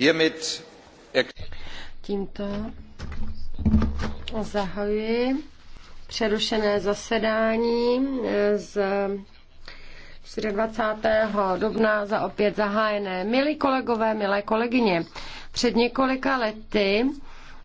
Er- Tímto zahajuji přerušené zasedání eh, z 24. dubna za opět zahájené. Milí kolegové, milé kolegyně, před několika lety